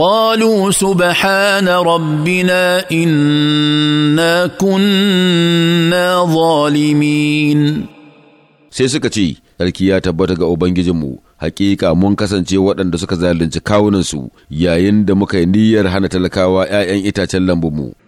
قالوا سبحان ربنا إنا كنا ظالمين sai suka ce sarki ya tabbata ga ubangijinmu hakika mun kasance waɗanda suka zalunci kawunansu yayin da muka yi niyyar hana talakawa 'ya'yan itacen lambunmu